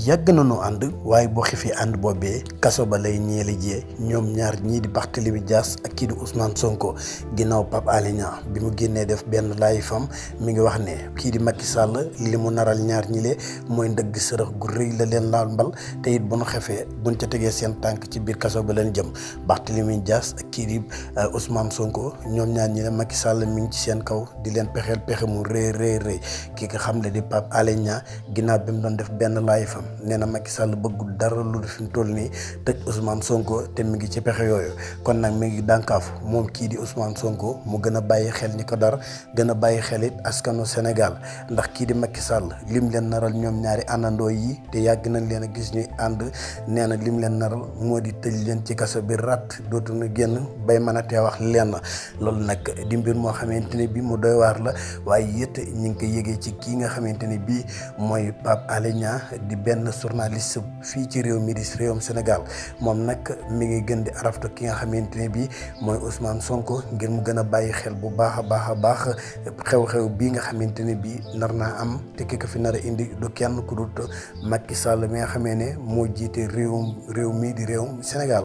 yàgg nañu ànd waaye boo xiifee ànd boobee kaso ba lay ñeeli jee ñoom ñaar ñii di Barthélémy Dias ak kii di Ousmane Sonko ginnaaw Pape Alé bi mu génnee def benn laayi fam mi ngi wax ne kii di Macky Sall li mu naral ñaar ñi mooy ndëgg sërëx gu rëy la leen laal te it bu nu xefee buñ ca tegee seen tànk ci biir kaso ba leen jëm Barthélémy Dias ak kii di euh, Ousmane Sonko ñoom ñaar ñi ne Macky mi ngi ci seen kaw di leen pexeel pexe mu rëy rëy rëy kii nga xam ne di Pape Alé Niang ginnaaw bi mu doon def benn laayi fam nee na Macky Sall bëggul dara lu fi mu toll nii tëj Ousmane Sonko te mi ngi ci pexe yooyu kon nag mi ngi dànkaafu moom kii di Ousmane Sonko mu gën a bàyyi xel ni ko dar gën a bàyyi xel it askanu Sénégal ndax kii di Macky Sall lim leen naral ñoom ñaari àndandoo yi te yàgg nañ leen a gis ñuy ànd nee na lim leen naral moo di tëj leen ci kaso bi rat dootuñu génn bay mën a tee wax lenn loolu nag di mbir moo xamante ne bi mu doy waar la waaye it ñu ngi ci kii nga xamante ne bii mooy Pape benn journaliste fii ci réew mi di réewum Sénégal moom nag mi ngi gën di araftu ki nga xamante ne bii mooy Ousmane Sonko ngir mu gën a bàyyi xel bu baax a baax a baax xew-xew bii nga xamante ne bii nar naa am te ki fi nar a indi du kenn ku dut Macky Sall mi nga xamee ne moo jiitee réewum réew mi di réewum Sénégal.